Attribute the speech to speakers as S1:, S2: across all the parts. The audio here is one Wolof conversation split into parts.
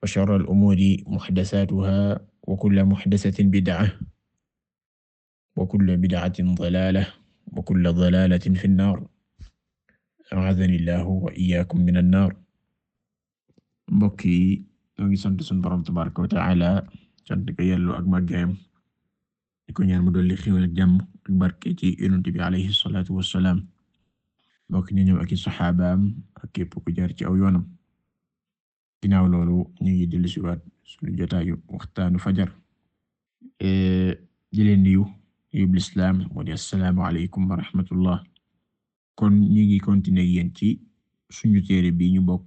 S1: wa sharral umuuri muhdasaatuhaa wa kullu muhdasatin bid'a wa kullu bid'atin dalaala wa kullu dalaalatin fi nnaar a'aadhani llaahu wa iyyaakum mina nnaar mbokk yi ñoo ngi sant sunu Boroom tabaaraka wa ta'aala sant ko Yàlla ak màggaayam di ko ñaan mu dolli xéewal ak jàmm ak barke ci Yonent bi alayhi salaatu wa salaam mbokk ñi ñëw ak i saxaabaam ak képp ku jaar ci aw yoonam ginaaw loolu ñu ngi dellu si waat suñu jotaayu waxtaanu fajar eh, di leen nuyu yóbbu lislaam wa assalaamu alaykum wa kon ñu ngi continuer yéen ci suñu téere bi ñu bokk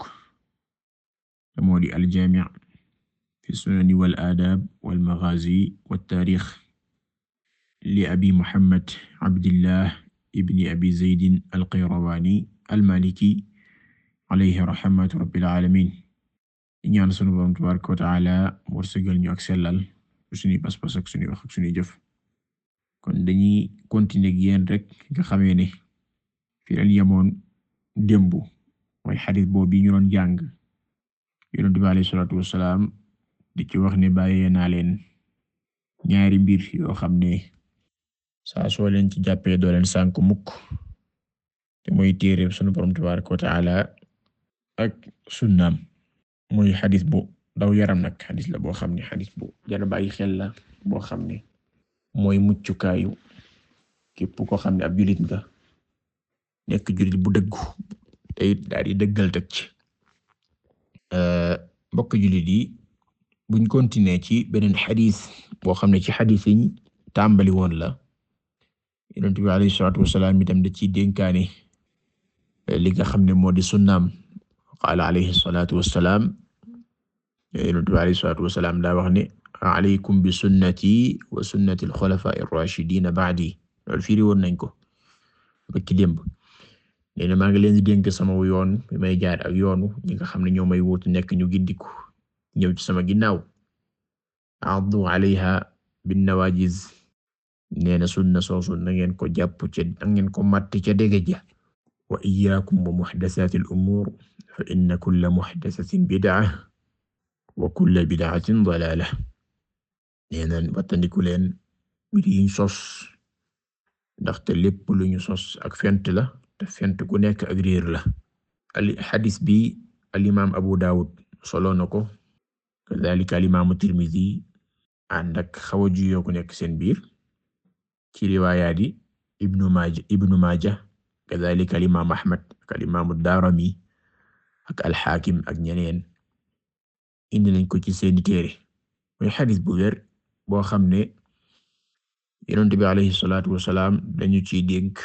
S1: moo di aljaami' fi sunani wal aadaab wal maghaazi wat taariix li abi muhammad abdillah ibni abi zaydin al qayrawaani al maaliki alayhi rahmatu ñaan sunu Boroom tabaraka wa taala wërsëgal ñu ak sellal suñuy pas-pas ak suñuy wax ak suñuy jëf kon dañuy continuer ak yéen rek nga xamee ne fi lañ yemoon démb mooy xadis boobu ñu doon jàng Yonent bi alayhi salaatu di ci wax ne bàyyee naa leen ñaari mbir yoo xam ne saa soo leen ci jàppee doo leen sànk te mooy téere sunu Boroom tabaraka wa taala ak sunnaam mooy xadis bu daw yaram nag xadis la boo xam ne xadis bu jara bàyyi xel la boo xam ne mooy muccukaayu képp koo xam ne ab julit nga nekk julit bu dëggu te it daal dëggal teg euh, ci mbokk julit yi buñ continuer ci beneen xadis boo xam ne ci xadis yi tàmbali woon la yonent bi alayhi salaatu wasalaam itam da ciy dénkaane li nga xam ne moo di sunnaam qaala alayhi salaatu yonent bi alayhi salaatu wasalaam daa wax ne alaykum bi sunnati wa sunnati al-xulafaa'i ar-raashidiina ba'di loolu firi woon nañ ko ba ci démb nee na maa ngi leen di dénk sama yoon bi may jaar ak yoonu ñi nga xam ne ñoo may wóotu nekk ñu giddiku ñëw ci sama ginnaaw addu alayha bin-nawaajiz nee na sunna soosu na ngeen ko jàpp ca na ngeen ko matt ca dégg ja wa iyyaakum wa muhdathaati al-umuur fa inna kulla muhdathatin bid'a wa kulla bid'atin dalaala nee na wattandiku leen sos ndaxte lépp lu ñu sos ak fent la te fent ku nekk ak réer la al xadis bi al imaam Abu Dawud solo na ko kadhalika al imaam Tirmidhi ànd ak xaw a ku nekk seen biir ci riwaayaat yi ibnu Maaja ibnu al imaam Ahmad ak al imaam Daarimi ak al Xaakim ak ñeneen indi nañ ko ci seeni téere muy bu wér boo xam ne yonent bi alayhi salaatu wasalaam dañu ciy dénk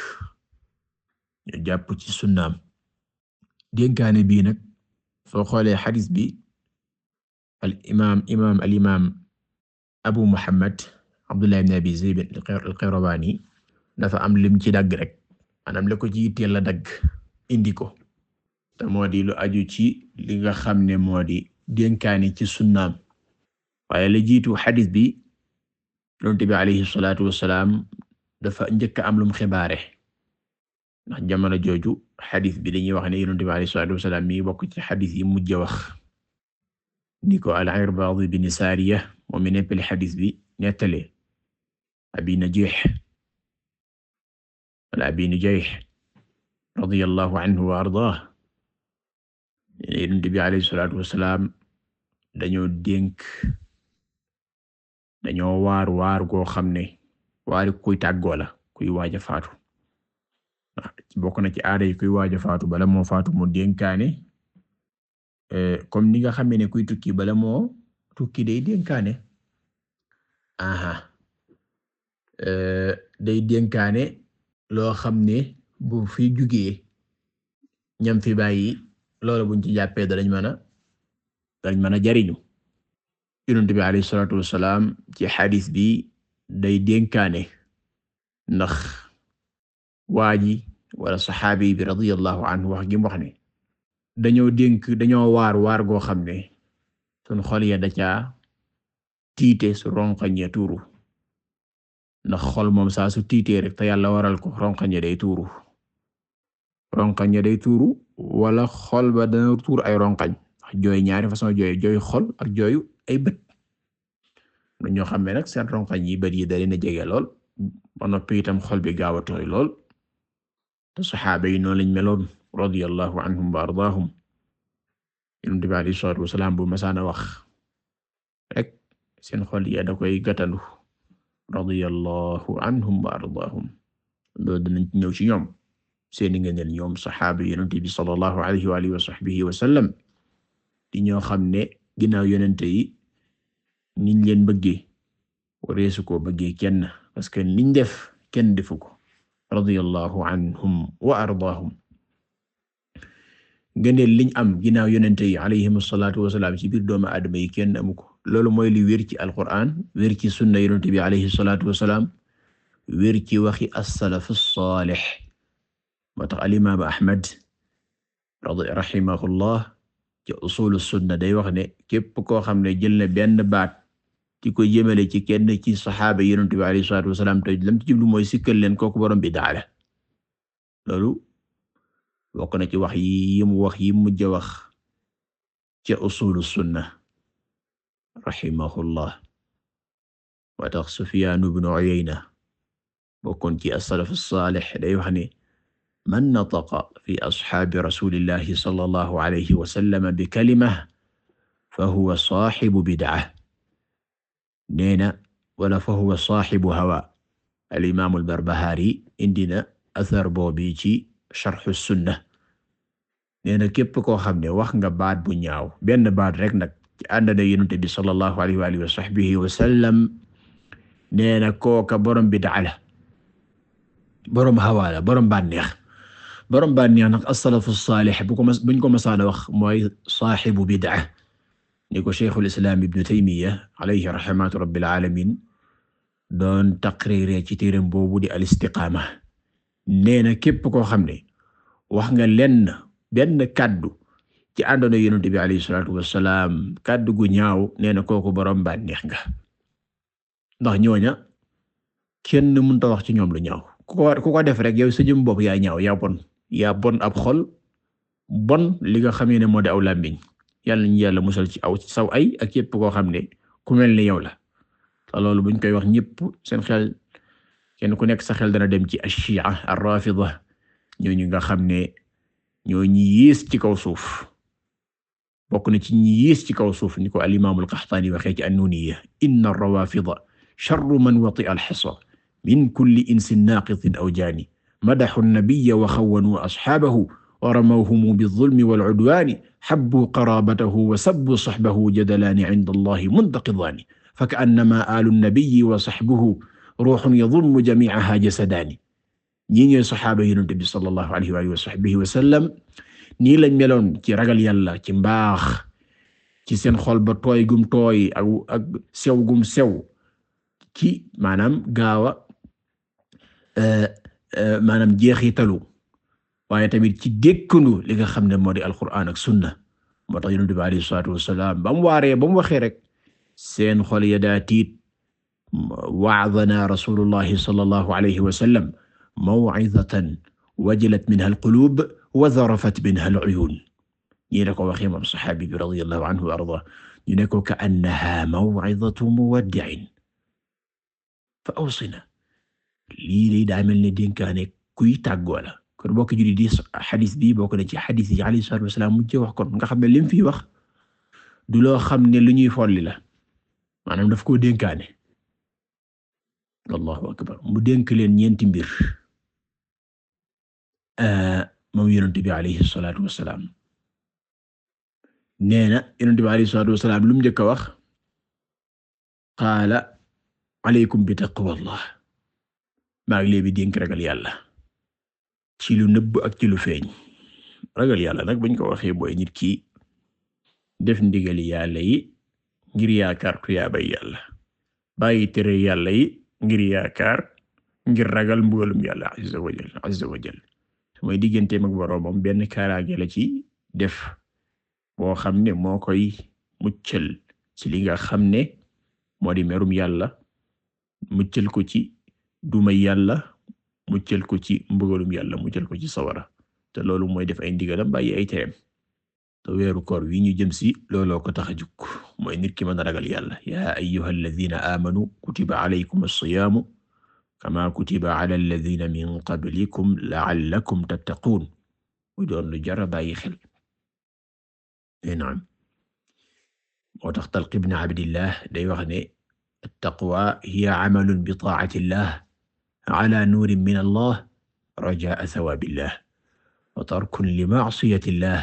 S1: ñu jàpp ci sunnaam dénkaane bii nag soo xoolee xadis bi al imaam imaam al imaam abu muhammad abdullah ibn abi zayd al-qayrawani am lim ci dagg rek la ko ci dagg indi ko te moo di lu aju ci li nga xam ne moo di dénkaani ci sunnaam waaye la jiitu xadis bi yonent bi alayhi salaatu dafa njëkk am lum xibaare ndax jamono jooju xadis bi dañuy wax ne yonent bi alayhi salaatu bokk ci xadis mujj wax ni ko al-Irbaad bin Saariya moom bi nettale Abi Najiix wala Abi Najiix radiyallahu anhu wa ardaah yonent bi alayhi salaatu wasalaam dañoo dénk dañoo waar waar goo xam ne waari kuy tàggoo la kuy waaja faatu bokk na ci aada yi kuy waaja faatu bala moo faatu mu dénkaane eh, comme ni nga xamee ne kuy tukki bala moo tukki day dénkaane aha eh, day dénkaane loo xam ne bu fi jugee ñam fi bàyyi loolu buñ ci jàppee danañ mën a dañ mën a jariñu yonent bi alayhi salaatu wassalaam ci xadis bi day dénkaane ndax waa ji wala saxaabi bi radiyallahu anhu wax gi mu wax ne dañoo dénk dañoo waar waar goo xam ne sun xol ya da caa tiite su ronqañ ya tuuru ndax xol moom saa su tiitee rek te yàlla waral ko ronqañ ya day tuuru ronqañ ya day tuuru wala xol ba dana ay ronqañ jooy ñaari façon jooy jooy xol ak jooyu ay bët lu ñoo xam ne nag seen rongañ yi bët yi da leen lool ba noppi itam xol bi gaaw a tooy lool te saxaaba yi noonu lañ meloon radiyallahu anhum wa ardaahum yonent bi alayhi salaatu wasalaam wax rek seen xol yi da koy gàttandu radiyallahu anhum wa ardaahum loolu dinañ ñëw ci ñoom seeni ngëneel ñoom saxaaba yonent bi sallallahu alayhi wa alihi wa sahbihi wa sallam di ñoo xam ne ginnaaw yonente yi niñ leen bëggee wareesu ko bëggee kenn parce que liñ def kenn defu ko radiyallahu anhum wa ardaahum gëneel liñ am ginnaaw yonente yi alayhim asalatu wasalaam ci biir doomu aadama yi kenn amu ko loolu mooy li wér ci alquran wér ci sunna yonente bi alayhi ci waxi as-salaf as-salih tax al Ahmad rahimahullah ci usulu sunna day wax ne képp koo xam ne jël benn baat di ko jëmale ci kenn ci saxaaba yonent bi alayhi salaatu wasalaam te lam ci jublu mooy leen kooku borom bidaa la loolu bokk ci wax yi mu wax yi mujj wax ci usulu sunna rahimahullah wa tax Sufyaan ibn Uyayna bokkoon ci as-salaf saalih day wax man nataqa fi asxaabi rasulillahi sallallahu alayhi wa sallam bi kalima fa huwa saaxibu bid'a neena wala fa huwa saaxibu hawa alimaamu albarbahaari indina athar boobi ci sharxu sunna neena képp koo xam ne wax nga baat bu ñaaw benn baat rek nag ci àndana yonent bi sallallahu alayhi wa alihi wa sahbihi wa sallam neena kooka borom bid'a la borom hawa la borom bànneex borom bànneex nag as-salafu saalih bu ko mas buñ ko masaana wax mooy saaxibu bid'a ni ko cheikhul islam ibnu taymiya alayhi rahmatu rabbil alamin doon taqriire ci téeram boobu di al istiqaama nee na képp koo xam ne wax nga lenn benn kaddu ci àndoona yonent bi alayhi salaatu wassalaam kaddu gu ñaaw nee na kooku borom bànneex nga ndax ñooña kenn mënta wax ci ñoom lu ñaaw ku ko def rek yow sa jëm bopp yaa ñaaw yaa bon yaa bon ab xol bon li nga xamee ne moo di aw làmmiñ yàlla ñu yàlla musal ci aw saw ay ak yépp koo xam ne ku mel ni yow la te loolu buñ koy wax ñépp seen xel kenn ku nekk sa xel dana dem ci ashia ar-rafida ñooñu nga xam ne ñoo ñi yées ci kaw suuf bokk na ci ñi ci kaw suuf ni ko al-imaam al-Qaxtaani waxee ci an-Nuuniyya inna ar-rawaafida sharru man wati'a al-hisa min kulli insin naaqitin aw jaani madaxu nabiyya wa xawwanuu asxaabahu wa ramawhum bizulmi walcudwaani xabbuu qaraabatahu wa sabbuu saxbahu jadalaani cinda allahi muntaqidaani fakaannamaa aalu nabiyyi wa saxbuhu ruuxun yadummu jamiicahaa jasadaani ñii ñooy saxaaba yonent bi sallallahu alayhi wa aalihi wa saxbihi wa sallam nii lañ meloon ci ragal yàlla ci mbaax ci seen xol ba tooy gum tooy ak ak sew gum sew ci maanaam gaawa euh, Euh, maanaam jeexitalu waaye tamit ci dékkandu li nga xam ne moo di alquran ak sunna moo tax yonent bi alayhi salaatu wasalaam ba mu waaree ba mu waxee rek seen xol ya daa tiit wa'adana rasulullahi sallallahu alayhi wa sallam maw'izatan wajilat minha alqulub wa zarafat minha aluyun ñi la ko waxee moom saxaabi bi radiyallahu anhu wa arda ñu ne ko ka annaha maw'izatu muwaddi'in fa awsina lii day daa mel ne dénkaane kuy tàggoo la kon bokk julli di xadis bi bokk na ci xadis yi alayhi salaatu wasalaam wax kon nga xam ne lim fi wax du loo xam ne lu ñuy folli la maanaam daf koo dénkaane allahu akbar mu dénk leen ñeenti mbir euh, moom yonent bi alayhi salaatu wasalaam nee na yonent bi alayhi salaatu wasalaam lu mu njëkk wax qaala alaykum bi taqwallah maa ngi leen dénk ragal yàlla ci lu ak ci lu feeñ ragal yàlla nag buñ ko waxee booy nit ki def ndigal yàlla yi ngir yaakaar tuyaabay yàlla bàyyi tere yàlla yi ngir yaakaar ngir ragal mbugalum yàlla azza wa azza wa jal mooy digganteem ak boroomam benn kaaraange la ci def boo xam ne moo koy muccal ci li xam ne moo di merum yàlla muccal ko ci du may yàlla muccal ko ci mbugalum yàlla muccal ko ci sawara te loolu mooy def ay ndigalam bàyyi ay tereem te weeru koor wi ñu jëm si looloo ko tax a jug mooy nit ki mën a ragal yàlla yaa ayyuha alladina amanu kutiba alaykum as-siyaamu kama kutiba ala alladina min qablikum la'allakum tattaquun muy doon lu jar a bàyyi xel eh, naam moo tax Talq ibn Abdillah day wax ne at-taqwa hiya amalun bi taa'atillah ala nuurin min allah rajaa sawaabillah wa tarkun li ma'siyatillah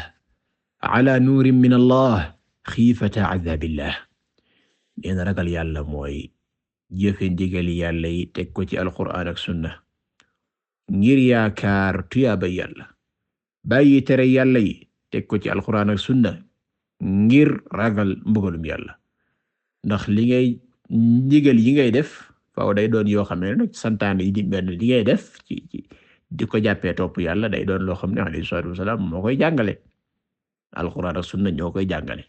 S1: ala nuurin min allah xiifata azaabillah neen ragal yàlla mooy jëfe ndigali yàlla yi teg ko ci alquraan ak sunna ngir yaakaar tuyaaba yàlla bàyyi tere yàlla yi teg ko ci alquraan ak sunna ngir ragal mbugalum yàlla ndax li ngay ndigal yi ngay def faaw day doon yoo xam ne nag santaane yi di benn li def ci ci di ko jàppee topp yàlla day doon loo xam ne alayhi salaatu wasalaam moo koy jàngale alxuraan ak sunna ñoo koy jàngale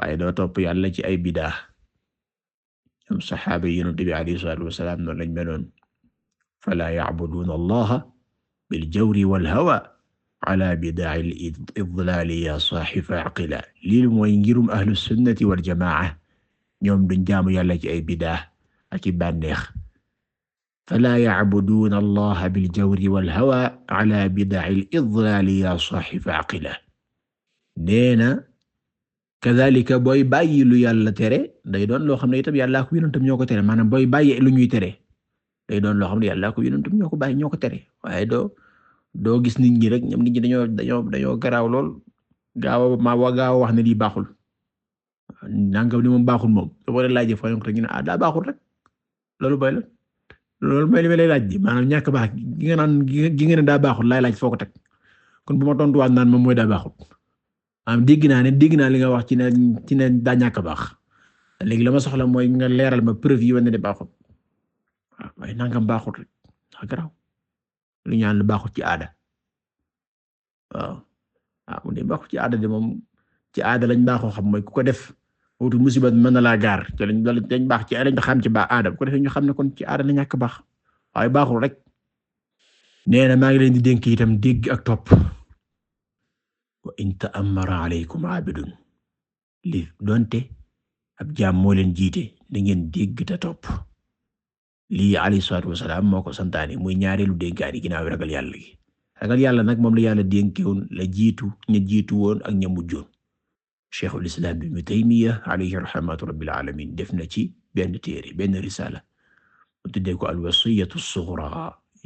S1: waaye doo topp yàlla ci ay bidaa ñoom saxaaba yi yonent bi alayhi salaatu wasalaam noonu lañ meloon falaa ya'buduuna allaha bil jawri wal hawa ala bidaa'il idlaali ya saaxi faaqila lii mooy ahlu sunnati wal jamaa ñoom duñ yàlla ci ay bidaa ak i bànneex falaa yacbuduuna allaha biljawri walhawa ala bidaci lidlaali yaa saxi neena kadalika booy bàyyi lu yàlla tere day doon loo xam ne itam yàlla ko yonentam ñoo ko tere maanaam bay bàyyi lu ñuy tere day doon loo xam ne yàlla ko yonentam ñoo ko bàyyi tere waaye doo doo gis nit ñi rek ñoom nit ñi dañoo dañoo dañoo garaaw lool gaaw ma wa wax ne di baaxul nangam ni moom baaxul moom soo ko laajee fooy ñu ne ah daa baaxul rek. loolu booy la loolu mooy li lay laaj ji maanaam ñàkk baax gi nga naan gi nga daa baaxul laay laaj foo ko teg kon bu ma tontu tontuwaat naan moom mooy daa baaxul maanaam dégg naa ne dégg naa li nga wax ci ne ci ne daa ñàkk baax léegi la ma soxla mooy nga leeral ma preuve yi wane ne baaxul waaw waaye nangam baaxul rek ndax garaaw lu ñaan lu baaxul ci aada waaw waaw mu ci aada de moom ci aada lañ baaxoo xam mooy ku ko def wootu musiba mën na laa gaar te lañ dañ baax ci dañ xam ci baax aadam ko defee ñu xam ne kon ci aada la ñàkk baax waaye baaxul rek nee na maa ngi leen di dénk itam dégg ak topp wa in ta'ammara alaykum abidun li donte ab jaam moo leen jiite da ngeen dégg te topp lii alayhi salaatu wasalaam moo ko santaane muy ñaareelu dénkaani ginaaw ragal yàlla gi ragal yàlla nag moom la yàlla dénkewoon la jiitu ña jiitu woon ak ña mujjoon cheikhul islam ibnu taymiya alayhi rahmatu rabbil alamin def na ci benn téere benn risala mu tuddee ko alwasiyatu sughra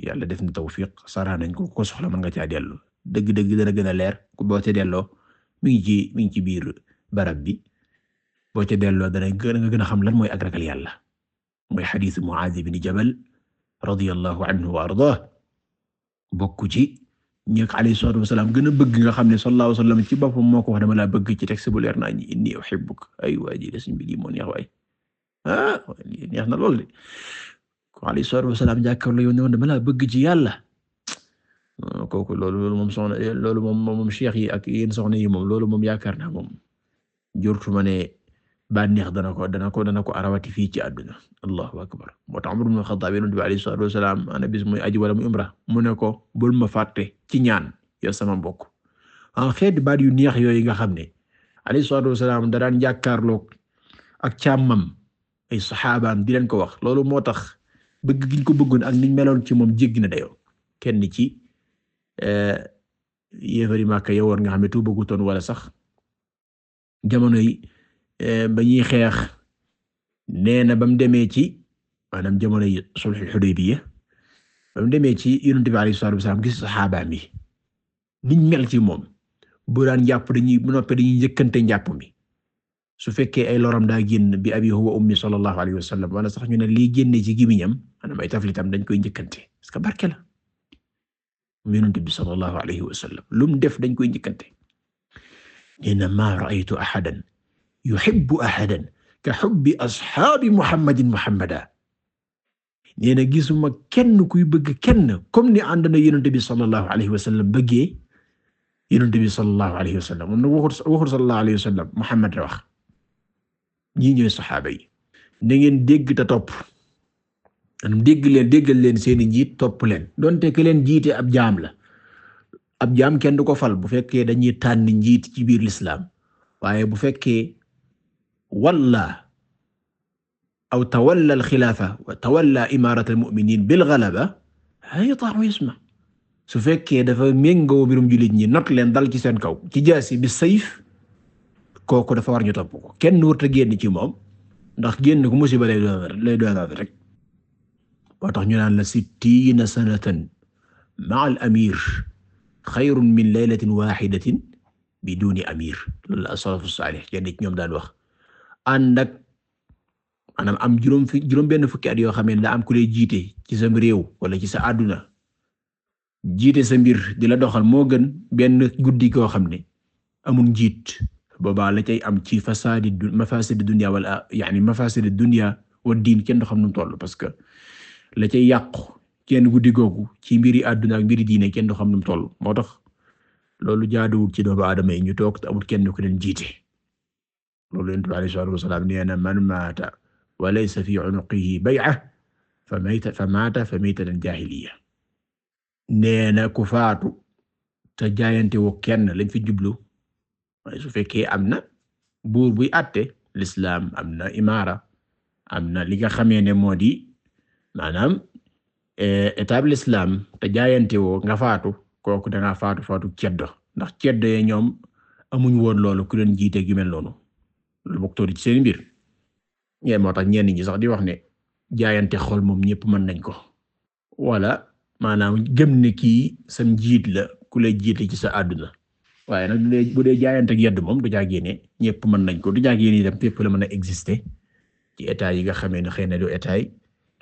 S1: yàlla def na tawfiq sara nañ ko ko soxla mën nga caa dellu dëgg-dëgg dana gën a leer ku boo ca delloo mi ngi ci mi ngi ci biir barab bi boo ca delloo dana gën nga gën a xam lan mooy ak ragal yàlla mooy xadiis Muaaz ibn Jabal radiyallahu anhu wa ardaah bokku ci ñu alayhi salaatu wasalaam gën a bëgg nga xam ne sallallahu alayhi wasallam ci boppam moo ko wax dama laa bëgg ci texte bu leer naa ñi inni uhibbuka ay waa ji des bi lii moo neex waay ah neex na lool de ko alayhi salaatu wasalaam jàkkaarloo yow ne woon dama laa bëgg ci yàlla ah, kooku loolu loolu moom soxna loolu moom moom cheikh yi ak yéen soxna yi moom loolu moom yaakaar naa moom jortu ma ne neex dana ko dana ko dana ko arawati fii ci àdduna allahu akbar moo tax Umar ibn Xattaab yonent bi alayhi salaatu wasalaam ana bis muy aji wala muy umra mu ne ko bul ma fàtte ci ñaan yow sama mbokk en ah, xeeti baat yu neex yooyu nga xam ne alayhi salaatu wasalaam da daan ak càmmam ay saxaabaam di leen ko wax loolu moo tax bëgg giñ ko bëggoon ak niñ meloon ci moom jéggi na dayoo kenn ci eh, yéefari Makka yowoon nga xam ne tu bëggutoon wala sax jamono Eh, ba ñuy xeex nee na ba mu demee ci maanaam jamonoy sulhul Hudaybiya ba mu demee ci Yonent bi alayhi salaatu gis saxaabaam yi niñ mel ci moom bu daan jàpp dañuy bu noppee dañuy njëkkante njàpp mi su fekkee ay loram daa génn bi abi huwa ummi sallallahu alayhi wasallam wala sax ñu ne lii génne ci gimiñam maanaam ay taflitam dañ koy njëkkante parce que barke la Yonent bi lu mu def dañ koy njëkkante nee na ma ra'aytu ahadan yuhibbu ahadan ka hubbi ashaabi muhammadin muhammada nee na gisuma kenn kuy bëgg kenn comme ni ànd na yonent bi sallallahu alayhi wa sallam bëggee yonent bi sallallahu alayhi wa moom nag waxut waxut sallallahu alayhi wa sallam muhammad la wax ñii ñooy saxaaba yi na ngeen dégg te topp maanaam dégg leen déggal leen njiit topp leen donte leen jiite ab jaam la ab jaam du ko fal bu fekkee dañuy tànn njiit ci biir lislaam waaye bu fekkee walla أو تولى الخلافة وتولى إمارة المؤمنين بالغلبة ay tax mu yusma su fekkee dafa méngoo mbirum jullit ñi not leen dal ci seen kaw ci jaasi bi sayf kooku dafa war ñu topp ko kenn wërta génn ci moom ndax génn ko musiba lay doon lay doon rek moo tax ñu naan la sittiina sanatan ma'a al amir xayrun min laylatin wahidatin biduni amir loolu la as-salafu saalih ñoom daan wax ànd ak maanaam am juróom fi juróom benn fukki at yoo xam daa am ku lay jiite ci sa réew wala ci sa àdduna jiite sa mbir di la doxal moo gën benn guddi koo xam ne amul njiit boobaa la cay am ci fasaadi mafaasidi dunya wala yaani mafaasidi dunya wa diin kenn du xam nu toll parce que la cay yàqu kenn guddi googu ci mbiri àdduna ak mbiri diine kenn du xam nu toll moo tax loolu jaaduwul ci doomu aadama yi ñu toog te amul kenn ku leen jiite. loolu Yonent bi alayhi salaam nee man maata wa laysa fi unuqihi bay'a fa mayta fa maata fa maytatan jaahiliyya ku faatu te jaayante wu kenn lañ fi jublu waaye su fekkee am na buur buy àtte lislaam am na imaara am na li nga xamee ne moo di maanaam état bi lislaam te jaayante nga faatu kooku dangaa faatu faatu ceddo ndax ceddo ye ñoom amuñ woon loolu ku leen jiite gi mel noonu loolu bokk toori mbir ñeen moo tax ñenn ñi sax di wax ne jaayante xol moom ñëpp mën nañ ko wala maanaam gëm ne kii sam njiit la ku lay jiite ci sa àdduna waaye nag bu dee jaayante ak moom du jaagee ne ñëpp mën nañ ko du jaagee ne itam fépp la mën a exister ci état yi nga xamee ne xëy na du état yi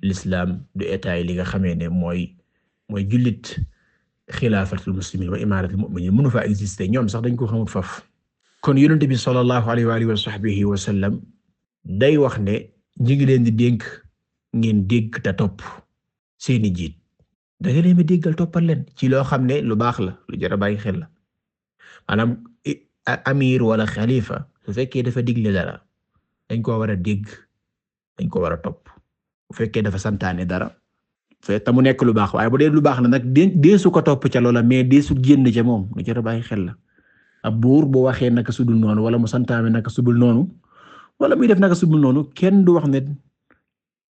S1: l'islam du état yi li nga xamee ne mooy mooy jullit xilaafatul muslimin wa imaratul mu'minin mënu fa exister ñoom sax dañ ko xamul faf kon yonent bi sallallahu alayhi wa alihi wa sahbihi wa sallam day wax ne ñi leen di dénk ngeen dégg te topp seeni jiit da nga leen di déggal toppal leen ci loo xam ne lu baax la lu jar a bàyyi xel la maanaam amir wala xalifa su fekkee dafa digle dara dañ koo war a dégg dañ ko war a topp bu fekkee dafa santaane dara fekk mu nekk lu baax waaye bu dee lu baax la nag dee su ko topp ca loola mais dee su génn ca moom lu jar bàyyi xel la. ab buur bu waxee naka sudul noonu wala mu santaame naka sudul noonu wala muy def naka subul noonu kenn du wax ne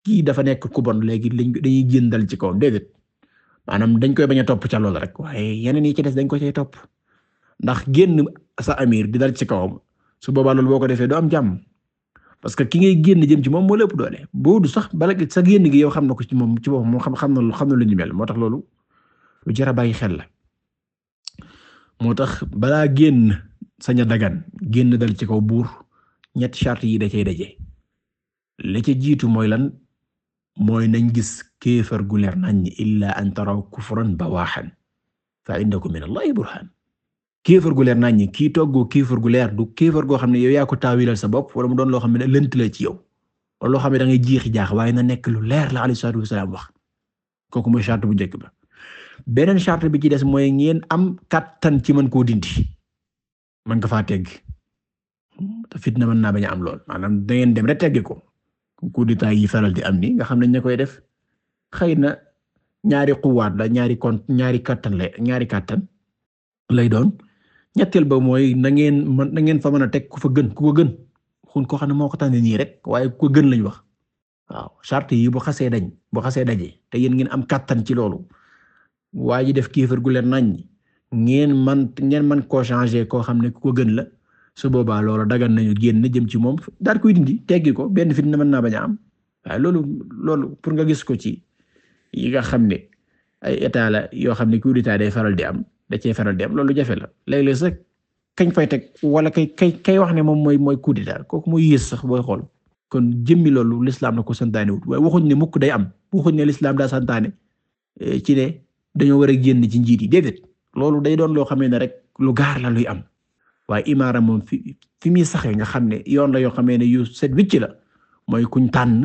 S1: kii dafa nekk ku bon léegi lañ dañuy jëndal ci kawam déedéet maanaam dañ koy bañ a topp ca loolu rek waaye yeneen yi ci des dañ ko cay topp ndax génn sa amir di dal ci kawam su boobaa loolu boo ko defee doo am jàmm parce que ki ngay génn jëm ci moom moo lépp doole boo du sax bala sa génn gi yow xam na ko ci moom ci boppam moom xam xam na lu xam na lu ñu mel moo tax loolu lu jar a bàyyi xel la. moo tax balaa génn sañ a dagan génn dal ci kaw buur ñetti charte yi da cay daje la ca jiitu mooy lan mooy nañ gis kéefar gu leer nañ illaa an taraw kufran bawaaxan fa indakum min allahi burhan kéefar gu leer nañ kii toggoo kéefar gu leer du kéefar goo xam ne yow yaa ko taawilal sa bopp wala mu doon loo xam ne lent la ci yow wala loo xam ne da ngay jaax waaye na nekk lu leer la alayhi salaatu wasalaam wax kooku mooy charte bu njëkk ba beneen charte bi ci des mooy ngeen am kattan ci mën koo dindi man nga faa tegg te fitna mën naa bañ a am lool maanaam da ngeen dem rek teggi ko coup d'état yi faral di am ni nga xam ne ña koy def xëy na ñaari xuwaat la ñaari kon ñaari kattan ñaari kattan lay doon ñetteel ba mooy na ngeen mën na ngeen fa mën a teg ku fa gën ku ko gën xun ko xam ne moo ko tànn nii rek waaye ku ko gën lañ wax waaw charte yi bu xasee dañ boo xasee daje te yéen ngeen am kattan ci loolu. waa ji def kéefar gu leen nañ ngeen man ngeen man koo changer koo xam ne ku ko gën la su boobaa loolu dagan nañu génn jëm ci moom daal koy dindi teggi ko benn fitna mën naa bañ am loolu loolu pour nga gis ko ci yi nga xam ne ay état la yoo xam ne coup d'état day faral di am da cee faral di am loolu jafe la léeg-léeg sax kañ fay teg wala kay kay kay wax ne moom mooy mooy coup d'état kooku mooy yées sax booy xool kon jëmmi loolu l'islam na ko santaane wut waaye waxuñ ne mukk day am waxuñ ne l'islam daa santaane eh, ci ne dañoo war a génn ci njiit yi déedéet loolu day doon loo xamee ne rek lu gaar la luy am waaye imaara moom fi fi muy saxee nga xam ne yoon la yoo xamee ne yu set wicc la mooy kuñ tànn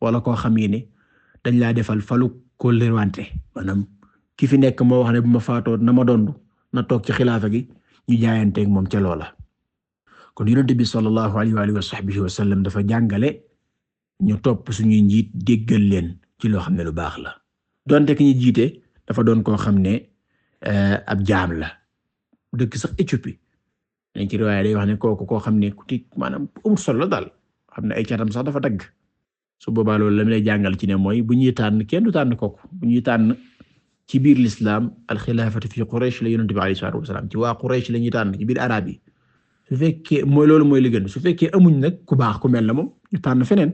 S1: wala koo xamee ne dañ laa defal falu ko lewante maanaam ki fi nekk moo wax ne bu ma faatoo na ma dondu na toog ci xilaafa gi ñu jaayanteeg moom ca loola kon yonent bi sallallahu alayhi wa alihi wa sahbihi dafa jàngale ñu topp suñuy njiit déggal leen ci loo xam ne lu baax la donte ñu jiite dafa doon koo xam ne eh, ab jaam la dëkk sax Éthiopie dañ ci waaye day wax ne kooku ko xam ne ku ci maanaam solo daal xam ne ay catam sax dafa dagg su boobaa loolu la mu lay jàngal ci ne mooy bu ñuy tànn kenn du tànn kooku bu ñuy tànn ci biir l'islam alxilaafatu fi Quraysh la yonent bi alayhi salaatu wasalaam ci waa Quraysh la ñuy tànn ci biir arab yi su fekkee mooy loolu mooy li gën su fekkee amuñ nag ku baax ku mel na moom ñu tànn feneen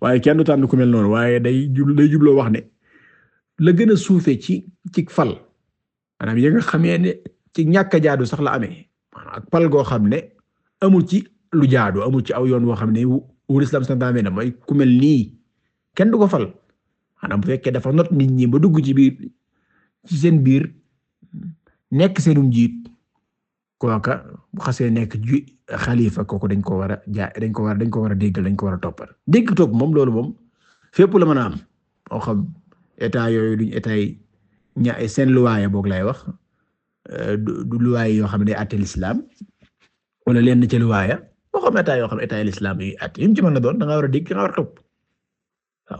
S1: waaye kenn du tànn ku mel noonu waaye day jublu day jubloo wax ne la gën a suufee ci ci fal maanaam ya nga xamee ne ci ñàkk a jaadu sax la amee ak pal goo xam ne amul ci lu jaadu amul ci aw yoon woo xam ne wu islam santaane na mooy ku mel nii kenn du ko fal maanaam bu fekkee dafa not nit ñi ba dugg ci biir ci seen biir nekk seenum jiit kooka bu xasee nekk ji xalifa kooku dañ ko war a jaa dañ ko war dañ ko war a déggal dañ ko war a toppal dégg topp moom loolu moom fépp la mën a xam état yooyu duñ état ña seen luwaaya boog lay wax euh, du luwaaya yoo xam ne atte l'islam wala lenn ci luwaaya boo xam yoo xam ne état l'islam yi at yim ci mën doon da nga war a dégg da nga topp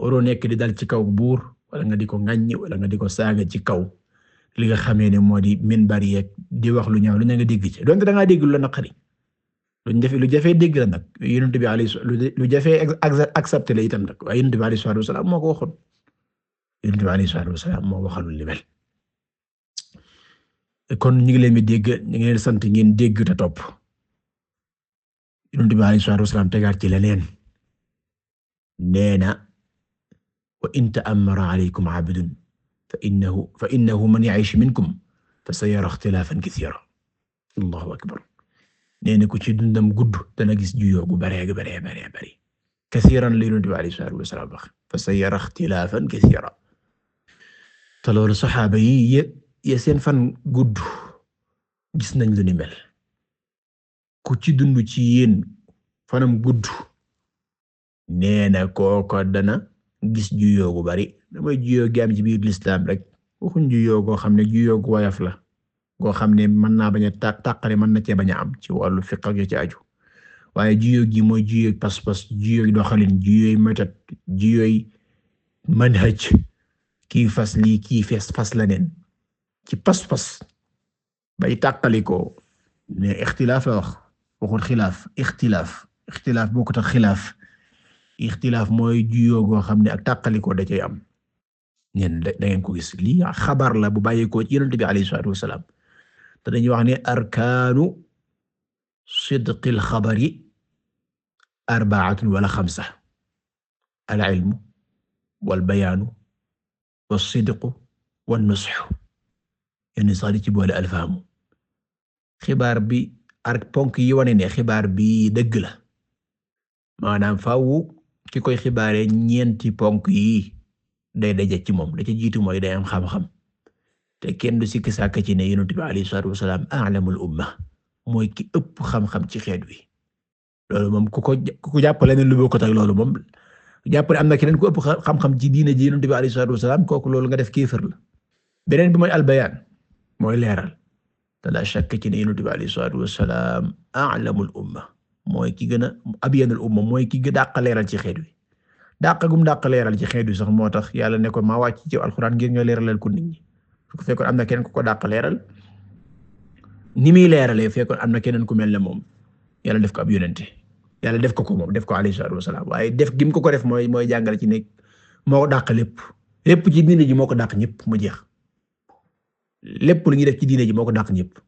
S1: waroo nekk di dal ci kaw buur wala nga di ko ŋaññi wala nga di ko saaga ci kaw li nga xamee ne moo di minbar yeeg di wax lu ñaaw lu ne nga dégg ci donte da ngaa dégg lu la naqari lu jafe lu jafee dégg la nag yonent bi alayhi lu jafee accepté la itam nag waaye yonent bi alayhi salaam moo ko waxoon Yonent bi alayhi salaatu wasalaam moo waxal lu mel kon ñu ngi leen di dégg ñu ngi leen sant ngeen dégg te topp Yonent bi alayhi salaatu wasalaam tegaat ci leneen nee na wa in ta'ammara alaykum abdun fa innahu fa innahu man ya'ish minkum fa sayara ikhtilaafan kathiira Allahu akbar nee na ku ci dundam gudd dana gis juyoo gu bare bare bare bare kathiiran la Yonent bi alayhi salaatu wasalaam wax fa sayara ikhtilaafan kathiira te loolu saxaaba yi ye seen fan gudd gis nañ lu ni mel ku ci dund ci yéen fanam gudd nee na kooko dana gis juyoo bu bari damay juyoo gi am ci biir lislaam rek waxuñ juyoo goo xam ne juyoo gu la goo xam ne mën naa bañ a ta mën na cee bañ a am ci wàllu fiq ak ci aju waaye juyoo gi mooy juyoo pas-pas juyoo doxalin juyoo méthode juyoo manhaj kii fas lii kii fees fas leneen ci pas bay takkaliko mais ixtilaaf la wax waxul xilaaf ixtilaaf ixtilaaf boo ko tax xilaaf ixtilaaf mooy juyoo goo xam ne ak tàqalikoo da cay am ñeen da ko gis lii xabar la bu bàyyeekoo ci yonent bi alayhi salaatu wasalaam te dañuy wax ne arkaanu sidqil xabari arbaatun wala xamsa al ilmu wal o wassidqu wannusxu yenn sax di ci boole alfaamu xibaar bi ak ponk yi wane ne xibaar bi dëgg la maanaam faaw ki koy xibaare ñeenti ponk yi day da ci moom la ca jiitu mooy day am xam-xam te kenn du sikki sàkk ci ne yonent bi alayhi salaatu wasalaam a'lamul umma mooy ki ëpp xam-xam ci xeet wi loolu moom ku ko ku ko ne lu bokkut loolu moom jàpp ne am na keneen ku ëpp xam-xam ci diine ji yonent bi alayhi salaatu wasalaam kooku loolu nga def kéefër la beneen bi mooy albayaan mooy leeral te la shakk ci ne yonent bi alayhi salaatu wasalaam a'lamul umma mooy ki gën a abyanul umma mooy ki gën dàq leeral ci xeet wi dàq gum ci xeet wi sax moo tax yàlla ne ko maa wàcc ci alxuraan ngir nga leeralal ko nit ñi su fekkoon am na keneen ku ko dàq leeral ni muy leeralee fekkoon am na keneen ku mel ne moom yàlla def ko ab yonente yàlla def ko ko moom def ko alayhi salaatu wasalaam waaye def gi ko ko def mooy mooy jàngale ci nekk moo ko dàq lépp lépp ci diine ji moo ko dàq ñëpp mu jeex lépp lu ñuy def ci diine ji moo ko dàq ñëpp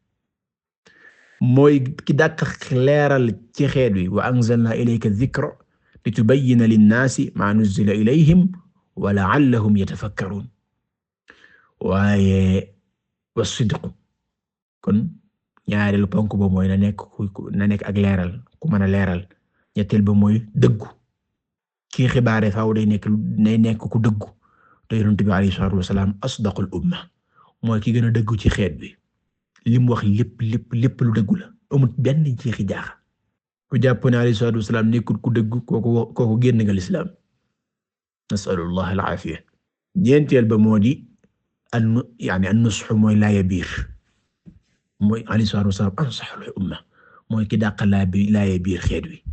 S1: mooy ki dàq leeral ci xeet wi wa anzalna ilayka dhikra litubayyina linnaasi maa nuzzila ilayhim wa la'allahum yatafakkarun waaye wasidqu kon ñaareelu ponk boobu mooy na nekk ak leeral ku mën a leeral ñetteel ba mooy dëggu kii xibaare faaw day nekk nekk ku dëggu te yonent bi alayhi salaatu wasalaam asdaqul umma mooy ki gën a dëggu ci xeet bi li mu wax lépp lépp lépp lu dëggu la amut benn jeexi jaax ku jàpp ne alayhi salaatu wasalaam nekkul ku dëggu kooku kooku génn nga alaafiya ñeenteel ba moo di an yani an nusxu mooy laaya biir mooy alayhi salaatu wasalaam ansaxul umma mooy ki dàq laa bi xeet wi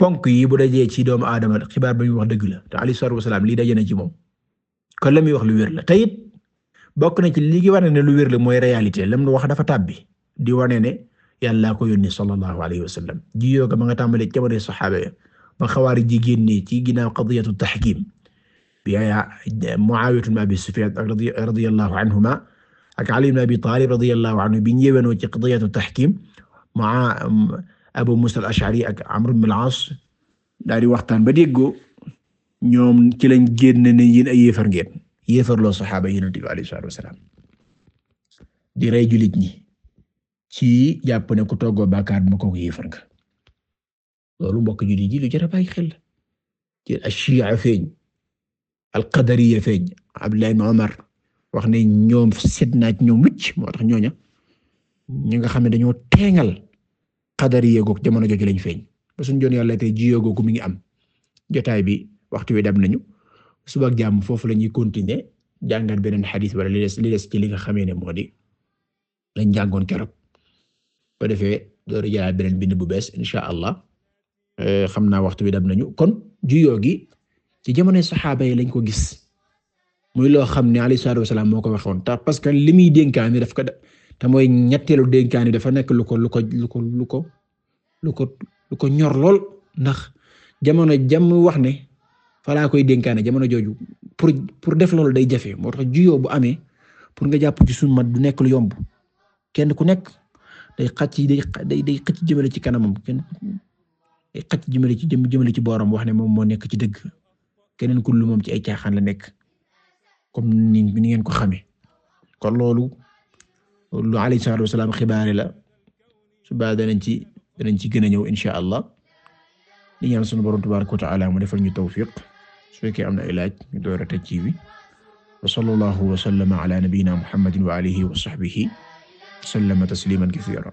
S1: ponk yi bu dajee ci doomu aadama xibaar ba muy wax dëgg la te alayhi salaatu wasalaam lii daje na ci moom kon la muy wax lu wér la te it bokk na ci li ngi wane na lu wér la mooy réalité lam wax dafa tàbbi di wane ne yàllaa ko yónni sallallahu alayhi wa sallam ji yoo ko ma nga tàmbalee jamono saxaaba ya ba xawaari ji génnee ci ginnaaw qadiyatu tahkim bi ay Muawiya ibn Abi Sufyan radiyallahu anhuma ak Ali ibn Abi Talib radiyallahu anhu bi ñëwenoo ci qadiyatu tahkim ma Abu Musa ashari ak Amr ibn al-As daal di waxtaan ba déggoo ñoom ci lañ génn ne yéen ay yéefar ngeen yéefarloo saxaaba yi Yonent yi alayhi ci jàpp ne ku toggoo bàkkaar bu ma kooku yéefar nga loolu mbokk jullit ji lu a bàyyi xel ci ash-Shi'a feeñ al-Qadariyya feeñ Abdullah ibn Umar wax ne ñoom set naa ci ñoom wicc moo tax ñooña ñi nga xam ne dañoo teengal xadari yeegoog jamono jooju lañ feeñ ba suñ joon yàlla tey ji yeegoogu mi ngi am jotaay bi waxtu wi dab nañu suba ak jàmm foofu la ñuy continuer jàngat beneen xadis wala li des li des ci li nga xamee ne moo di lañ jàngoon keroog ba defee door jëlaat beneen bind bu bees insha allah eh, xam na waxtu bi dab nañu kon juyoo gi ci jamonoy saxaaba yi lañ ko gis muy loo xam ne alayhi salaatu wasalaam moo ko waxoon ta parce que li muy dénkaane te mooy ñetteelu dénkaan yi dafa nekk lu ko lu ko lu ko lu ko lu ko lu ko ñor lool ndax jamono jam wax ne falaa koy dénkaane jamono jooju pour pour def loolu day jafe moo tax juyoo bu amee pour nga jàpp ci suñu mat du nekk lu yomb kenn ku nekk day xacc day day day xëcc jëmale ci kanamam kenn day xacc jëmale ci jëmale ci booram wax ne moom moo nekk ci dëgg keneen ku lu moom ci ay caaxaan la nekk kom ni ni ngeen ko xamee kon loolu lu alayhi salaatu wasalaam xibaare la suba danañ ci danañ ci gën a ñëw insha allah li ñaan sunu borom tabaaraka wa ta'ala mu defal ñu tawfiq su fekkee am na ay laaj ñu door a tëj ci wi wa sallallahu wa sallama ala nabiyyina muhammadin wa alihi wa sahbihi sallama tasliman kasiira